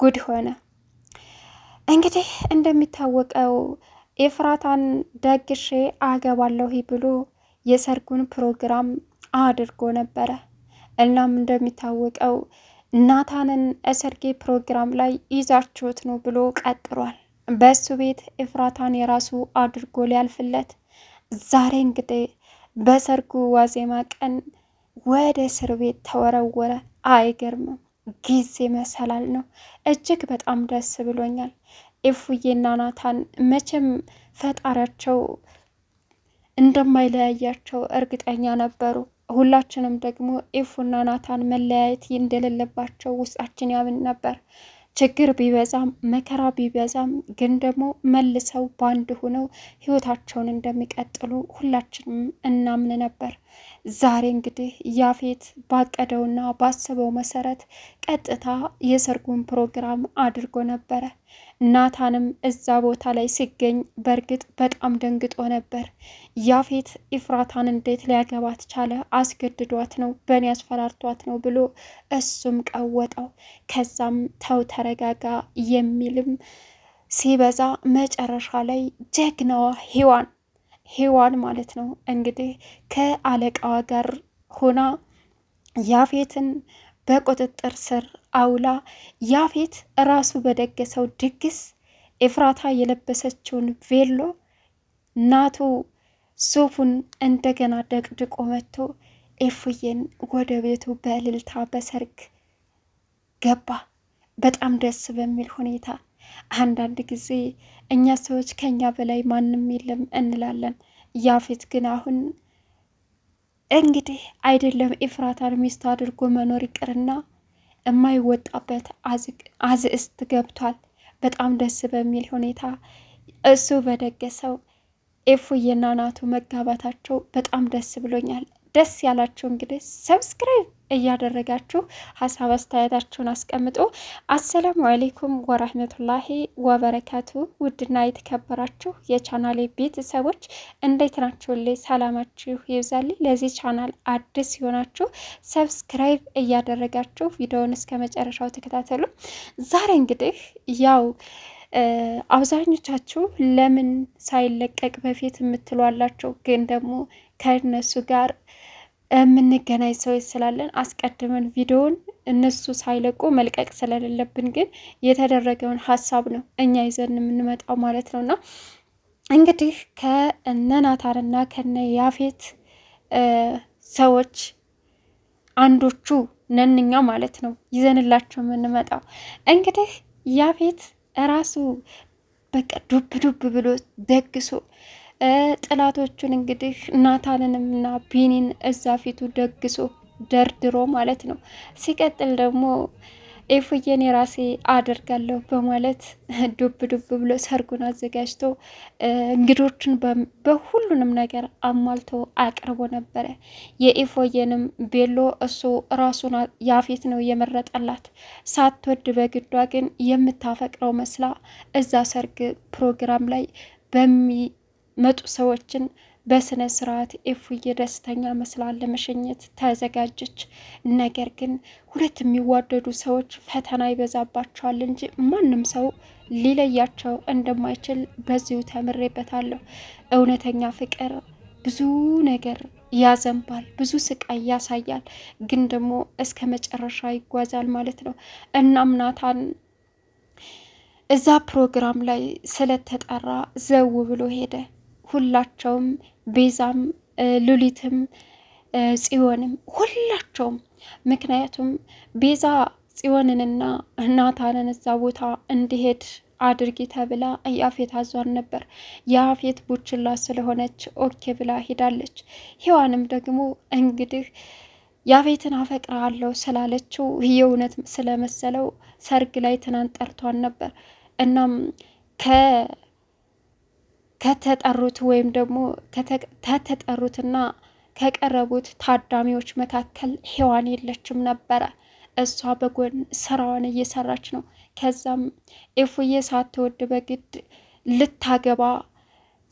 ጉድ ሆነ። እንግዲህ እንደሚታወቀው ኤፍራታን ደግሼ አገባለሁ ብሎ የሰርጉን ፕሮግራም አድርጎ ነበረ። እናም እንደሚታወቀው ናታንን እሰርጌ ፕሮግራም ላይ ይዛችሁት ነው ብሎ ቀጥሯል። በእሱ ቤት ኤፍራታን የራሱ አድርጎ ሊያልፍለት ዛሬ እንግዲህ በሰርጉ ዋዜማ ቀን ወደ እስር ቤት ተወረወረ። አይገርምም? ጊዜ መሰላል ነው። እጅግ በጣም ደስ ብሎኛል። ኢፉዬና ናታን መቼም ፈጣሪያቸው እንደማይለያያቸው እርግጠኛ ነበሩ። ሁላችንም ደግሞ ኢፉና ናታን መለያየት እንደሌለባቸው ውስጣችን ያምን ነበር። ችግር ቢበዛም መከራ ቢበዛም ግን ደግሞ መልሰው በአንድ ሆነው ህይወታቸውን እንደሚቀጥሉ ሁላችንም እናምን ነበር። ዛሬ እንግዲህ ያፌት ባቀደውና ባሰበው መሰረት ቀጥታ የሰርጉን ፕሮግራም አድርጎ ነበረ። ናታንም እዛ ቦታ ላይ ሲገኝ በእርግጥ በጣም ደንግጦ ነበር። ያፌት ኢፍራታን እንዴት ሊያገባት ቻለ? አስገድዷት ነው፣ በእኔ አስፈራርቷት ነው ብሎ እሱም ቀወጠው። ከዛም ተው ተረጋጋ የሚልም ሲበዛ መጨረሻ ላይ ጀግናዋ ሄዋን ሄዋን ማለት ነው እንግዲህ ከአለቃዋ ጋር ሆና ያፌትን በቁጥጥር ስር አውላ ያፌት ራሱ በደገሰው ድግስ ኤፍራታ የለበሰችውን ቬሎ ናቱ ሱፉን እንደገና ደቅድቆ መጥቶ ኤፉዬን ወደ ቤቱ በእልልታ በሰርግ ገባ። በጣም ደስ በሚል ሁኔታ። አንዳንድ ጊዜ እኛ ሰዎች ከኛ በላይ ማንም የለም እንላለን። ያፌት ግን አሁን እንግዲህ አይደለም ኤፍራታን ሚስት አድርጎ መኖር ይቅርና የማይወጣበት አዝእስት ገብቷል። በጣም ደስ በሚል ሁኔታ እሱ በደገሰው ኤፉዬና ናቱ መጋባታቸው በጣም ደስ ብሎኛል። ደስ ያላችሁ እንግዲህ ሰብስክራይብ እያደረጋችሁ ሀሳብ አስተያየታችሁን አስቀምጡ። አሰላሙ አሌይኩም ወራህመቱላሂ ወበረካቱ። ውድና የተከበራችሁ የቻናሌ ቤተሰቦች እንዴት ላይ ሰላማችሁ ይብዛልኝ። ለዚህ ቻናል አዲስ ሲሆናችሁ ሰብስክራይብ እያደረጋችሁ ቪዲዮውን እስከ መጨረሻው ተከታተሉ። ዛሬ እንግዲህ ያው አብዛኞቻችሁ ለምን ሳይለቀቅ በፊት የምትሏላችሁ ግን ደግሞ ከእነሱ ጋር የምንገናኝ ሰዎች ስላለን አስቀድመን ቪዲዮውን እነሱ ሳይለቁ መልቀቅ ስለሌለብን ግን የተደረገውን ሀሳብ ነው እኛ ይዘን የምንመጣው ማለት ነውና እንግዲህ ከነ ናታንና ከነ ያፌት ሰዎች አንዶቹ ነንኛ ማለት ነው ይዘንላቸው የምንመጣው። እንግዲህ ያፌት እራሱ በቃ ዱብ ዱብ ብሎ ደግሶ ጥላቶቹን እንግዲህ ናታንንም ና ቢኒን እዛ ፊቱ ደግሶ ደርድሮ ማለት ነው። ሲቀጥል ደግሞ ኤፉዬን የራሴ አደርጋለሁ በማለት ዱብ ዱብ ብሎ ሰርጉን አዘጋጅቶ እንግዶችን በሁሉንም ነገር አሟልቶ አቅርቦ ነበረ። የኤፎየንም ቤሎ እሱ ራሱን ያፌት ነው የመረጠላት። ሳትወድ በግዷ ግን የምታፈቅረው መስላ እዛ ሰርግ ፕሮግራም ላይ በሚ መጡ ሰዎችን በስነ ስርዓት ኤፉዬ ደስተኛ መስላል ለመሸኘት ተዘጋጀች። ነገር ግን ሁለት የሚዋደዱ ሰዎች ፈተና ይበዛባቸዋል እንጂ ማንም ሰው ሊለያቸው እንደማይችል በዚሁ ተምሬበታለሁ። እውነተኛ ፍቅር ብዙ ነገር ያዘንባል፣ ብዙ ስቃይ ያሳያል፣ ግን ደግሞ እስከ መጨረሻ ይጓዛል ማለት ነው። እናም ናታን እዛ ፕሮግራም ላይ ስለተጠራ ዘው ብሎ ሄደ። ሁላቸውም ቤዛም፣ ሉሊትም፣ ጽዮንም ሁላቸውም። ምክንያቱም ቤዛ ጽዮንንና ናታንን እዛ ቦታ እንዲሄድ አድርጊ ተብላ ያፌት አዟን ነበር። ያፌት ቡችላ ስለሆነች ኦኬ ብላ ሄዳለች። ሔዋንም ደግሞ እንግዲህ ያፌትን አፈቅራለሁ ስላለችው የእውነት ስለመሰለው ሰርግ ላይ ትናንት ጠርቷን ነበር እናም ከ ከተጠሩት ወይም ደግሞ ከተጠሩትና ከቀረቡት ታዳሚዎች መካከል ሔዋን የለችም ነበረ። እሷ በጎን ስራዋን እየሰራች ነው። ከዛም ኤፉዬ ሳትወድ በግድ ልታገባ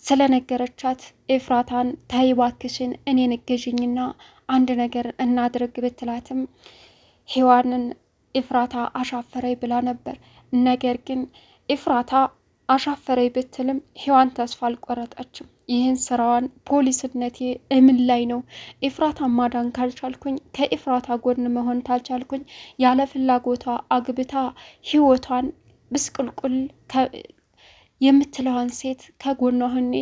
ስለነገረቻት ኤፍራታን ተይ እባክሽን እኔን እገዥኝና አንድ ነገር እናድርግ ብትላትም ሔዋንን ኤፍራታ አሻፈረኝ ብላ ነበር። ነገር ግን ኤፍራታ አሻፈረኝ ብትልም ሔዋን ተስፋ አልቆረጠችም። ይህን ስራዋን ፖሊስነቴ እምን ላይ ነው? ኤፍራታ ማዳን ካልቻልኩኝ፣ ከኤፍራታ ጎን መሆን ካልቻልኩኝ፣ ያለ ፍላጎቷ አግብታ ህይወቷን ብስቅልቁል የምትለዋን ሴት ከጎኗ ሆኜ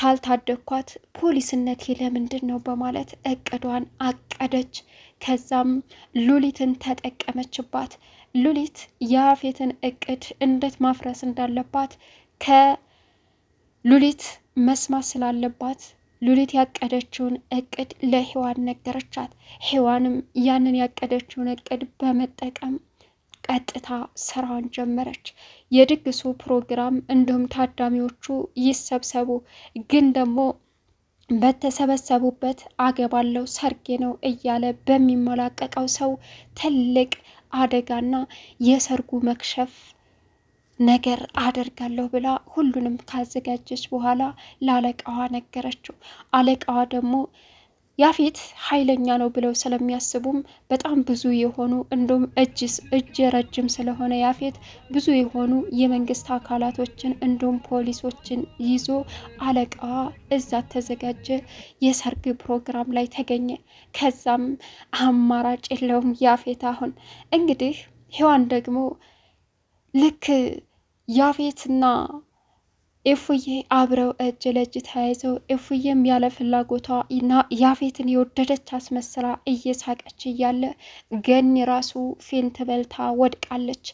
ታልታደግኳት ፖሊስነቴ ለምንድን ነው? በማለት እቅዷን አቀደች። ከዛም ሉሊትን ተጠቀመችባት። ሉሊት የአፌትን እቅድ እንዴት ማፍረስ እንዳለባት ከሉሊት መስማት ስላለባት ሉሊት ያቀደችውን እቅድ ለሔዋን ነገረቻት። ሔዋንም ያንን ያቀደችውን እቅድ በመጠቀም ቀጥታ ስራዋን ጀመረች። የድግሱ ፕሮግራም እንዲሁም ታዳሚዎቹ ይሰብሰቡ ግን ደግሞ በተሰበሰቡበት አገባለው ሰርጌ ነው እያለ በሚሞላቀቀው ሰው ትልቅ አደጋና የሰርጉ መክሸፍ ነገር አደርጋለሁ ብላ ሁሉንም ካዘጋጀች በኋላ ለአለቃዋ ነገረችው። አለቃዋ ደግሞ ያፌት ኃይለኛ ነው ብለው ስለሚያስቡም በጣም ብዙ የሆኑ እንዲሁም እጅስ እጅ ረጅም ስለሆነ ያፌት ብዙ የሆኑ የመንግስት አካላቶችን እንዲሁም ፖሊሶችን ይዞ አለቃ እዛ ተዘጋጀ የሰርግ ፕሮግራም ላይ ተገኘ። ከዛም አማራጭ የለውም ያፌት አሁን እንግዲህ ሔዋን ደግሞ ልክ ያፌትና ኤፉዬ አብረው እጅ ለእጅ ተያይዘው ኤፉዬም ያለ ፍላጎቷ እና ያፌትን የወደደች አስመስላ እየሳቀች እያለ ገኒ ራሱ ፌንት በልታ ወድቃለች።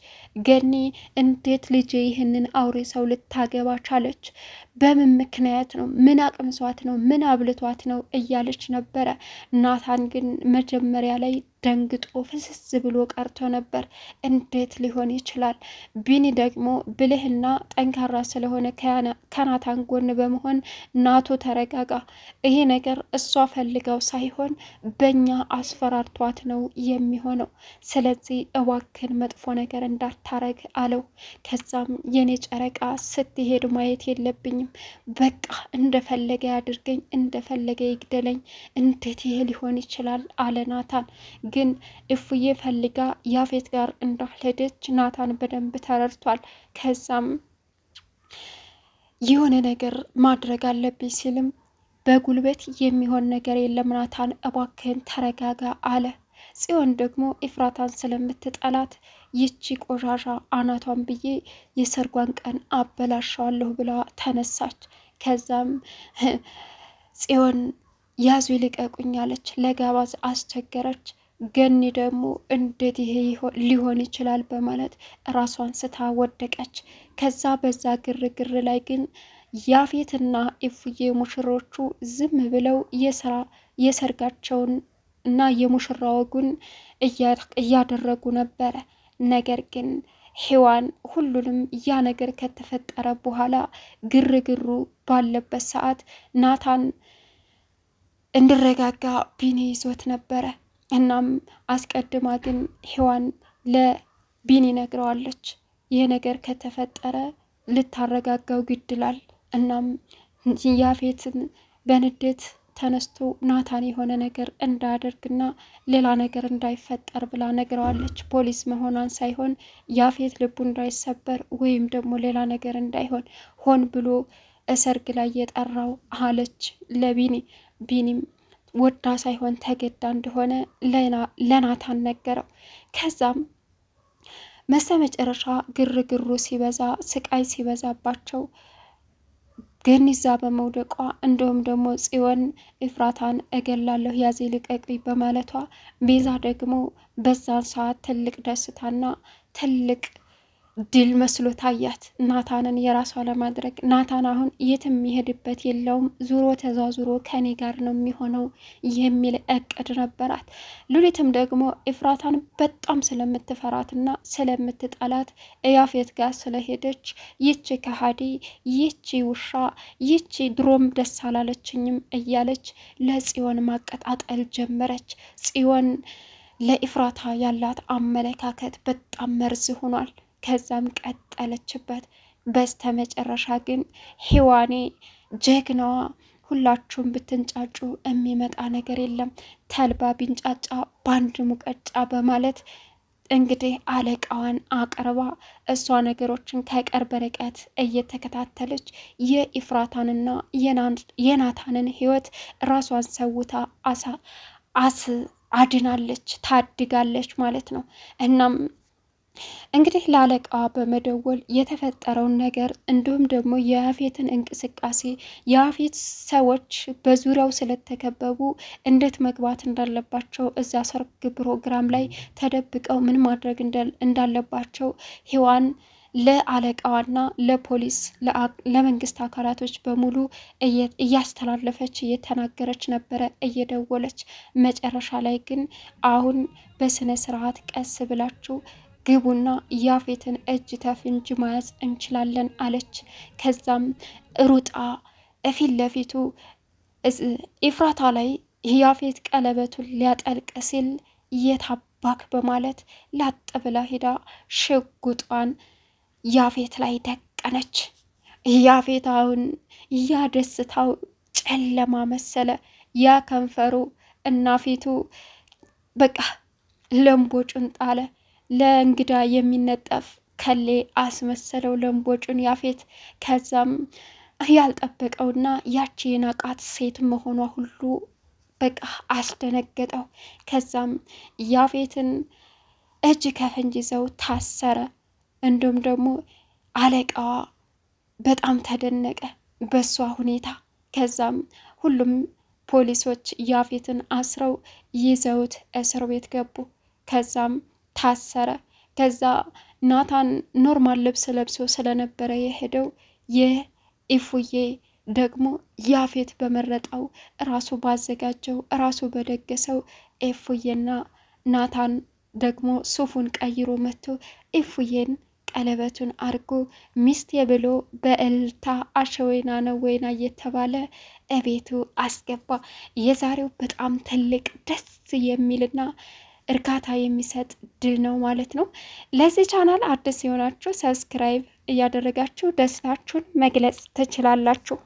ገኒ እንዴት ልጄ ይህንን አውሬ ሰው ልታገባ ቻለች? በምን ምክንያት ነው? ምን አቅምሷት ነው? ምን አብልቷት ነው? እያለች ነበረ። ናታን ግን መጀመሪያ ላይ ደንግጦ ፍስስ ብሎ ቀርቶ ነበር። እንዴት ሊሆን ይችላል? ቢኒ ደግሞ ብልህና ጠንካራ ስለሆነ ከናታን ጎን በመሆን ናቶ ተረጋጋ፣ ይሄ ነገር እሷ ፈልገው ሳይሆን በእኛ አስፈራርቷት ነው የሚሆነው። ስለዚህ እባክን መጥፎ ነገር እንዳታረግ አለው። ከዛም የኔ ጨረቃ ስትሄድ ማየት የለብኝም በቃ እንደፈለገ ያድርገኝ፣ እንደፈለገ ይግደለኝ፣ እንዴት ይሄ ሊሆን ይችላል አለ ናታን። ግን እፉዬ ፈልጋ ያፌት ጋር እንዳልሄደች ናታን በደንብ ተረድቷል። ከዛም የሆነ ነገር ማድረግ አለብኝ ሲልም በጉልበት የሚሆን ነገር የለም ናታን፣ እባክህን ተረጋጋ አለ። ጽዮን ደግሞ ኢፍራታን ስለምትጠላት ይቺ ቆሻሻ አናቷን ብዬ የሰርጓን ቀን አበላሻዋለሁ ብላ ተነሳች። ከዛም ጽዮን ያዙ ይልቀቁኝ አለች። ለጋባዝ አስቸገረች። ገኒ ደግሞ እንዴት ይሄ ሊሆን ይችላል በማለት ራሷን ስታ ወደቀች። ከዛ በዛ ግርግር ላይ ግን ያፌትና ኢፉዬ ሙሽሮቹ ዝም ብለው የስራ የሰርጋቸውን እና የሙሽራ ወጉን እያደረጉ ነበረ። ነገር ግን ሔዋን ሁሉንም ያ ነገር ከተፈጠረ በኋላ ግርግሩ ባለበት ሰዓት ናታን እንዲረጋጋ ቢኒ ይዞት ነበረ። እናም አስቀድማ ግን ሔዋን ለቢኒ ነግረዋለች። ይህ ነገር ከተፈጠረ ልታረጋጋው ግድላል። እናም ያፌትን በንዴት ተነስቶ ናታን የሆነ ነገር እንዳያደርግና ሌላ ነገር እንዳይፈጠር ብላ ነግረዋለች። ፖሊስ መሆኗን ሳይሆን ያፌት ልቡ እንዳይሰበር ወይም ደግሞ ሌላ ነገር እንዳይሆን ሆን ብሎ እሰርግ ላይ የጠራው አለች ለቢኒ። ቢኒም ወዳ ሳይሆን ተገዳ እንደሆነ ለናታን ነገረው። ከዛም መሰመጨረሻ ግርግሩ ሲበዛ ስቃይ ሲበዛባቸው ግን በመውደቋ እንዲሁም ደግሞ ጽዮን እፍራታን እገላለሁ ያዜ ልቀቅ በማለቷ ቤዛ ደግሞ በዛን ሰዓት ትልቅ ደስታና ትልቅ ድል መስሎ ታያት ናታንን የራሷ ለማድረግ። ናታን አሁን የትም የሚሄድበት የለውም፣ ዙሮ ተዛዙሮ ከኔ ጋር ነው የሚሆነው የሚል እቅድ ነበራት። ሉሊትም ደግሞ ኢፍራታን በጣም ስለምትፈራትና ስለምትጠላት እያፌት ጋር ስለሄደች ይቺ ከሃዲ፣ ይቺ ውሻ፣ ይቺ ድሮም ደስ አላለችኝም እያለች ለጽዮን ማቀጣጠል ጀመረች። ጽዮን ለኢፍራታ ያላት አመለካከት በጣም መርዝ ሆኗል። ከዛም ቀጠለችበት። በስተ መጨረሻ ግን ሔዋኔ ጀግናዋ ሁላችሁም ብትንጫጩ የሚመጣ ነገር የለም፣ ተልባ ቢንጫጫ በአንድ ሙቀጫ በማለት እንግዲህ አለቃዋን አቅርባ እሷ ነገሮችን ከቅርብ ርቀት እየተከታተለች የኢፍራታንና የናታንን ህይወት ራሷን ሰውታ አሳ አስ አድናለች ታድጋለች ማለት ነው። እናም እንግዲህ ለአለቃ በመደወል የተፈጠረውን ነገር እንዲሁም ደግሞ የአፌትን እንቅስቃሴ የአፌት ሰዎች በዙሪያው ስለተከበቡ እንዴት መግባት እንዳለባቸው እዛ ሰርግ ፕሮግራም ላይ ተደብቀው ምን ማድረግ እንዳለባቸው ሔዋን ለአለቃዋና ለፖሊስ ለመንግስት አካላቶች በሙሉ እያስተላለፈች እየተናገረች ነበረ እየደወለች መጨረሻ ላይ ግን አሁን በስነ ስርዓት ቀስ ብላችሁ ግቡና ያፌትን እጅ ተፍንጅ መያዝ እንችላለን አለች። ከዛም ሩጣ እፊት ለፊቱ ኢፍራታ ላይ ያፌት ቀለበቱን ሊያጠልቅ ሲል የታባክ በማለት ላጥ ብላ ሂዳ ሽጉጧን ያፌት ላይ ደቀነች። ያፌት አሁን ያደስታው ጨለማ መሰለ። ያ ከንፈሩ እና ፊቱ በቃ ለምቦ ጣለ። ለእንግዳ የሚነጠፍ ከሌ አስመሰለው ለምቦጩን ያፌት። ከዛም ያልጠበቀውና ያቺ የናቃት ሴት መሆኗ ሁሉ በቃ አስደነገጠው። ከዛም ያፌትን እጅ ከፈንጅ ይዘው ታሰረ። እንዲሁም ደግሞ አለቃዋ በጣም ተደነቀ በሷ ሁኔታ። ከዛም ሁሉም ፖሊሶች ያፌትን አስረው ይዘውት እስር ቤት ገቡ። ከዛም ታሰረ። ከዛ ናታን ኖርማል ልብስ ለብሶ ስለነበረ የሄደው ይህ ኢፉዬ ደግሞ ያፌት በመረጠው ራሱ ባዘጋጀው ራሱ በደገሰው ኢፉዬና ናታን ደግሞ ሱፉን ቀይሮ መጥቶ ኢፉዬን ቀለበቱን አድርጎ ሚስቴ ብሎ በእልታ አሸወይና ነው ወይና እየተባለ እቤቱ አስገባ። የዛሬው በጣም ትልቅ ደስ የሚልና እርካታ የሚሰጥ ድል ነው ማለት ነው። ለዚህ ቻናል አዲስ የሆናችሁ ሰብስክራይብ እያደረጋችሁ ደስታችሁን መግለጽ ትችላላችሁ።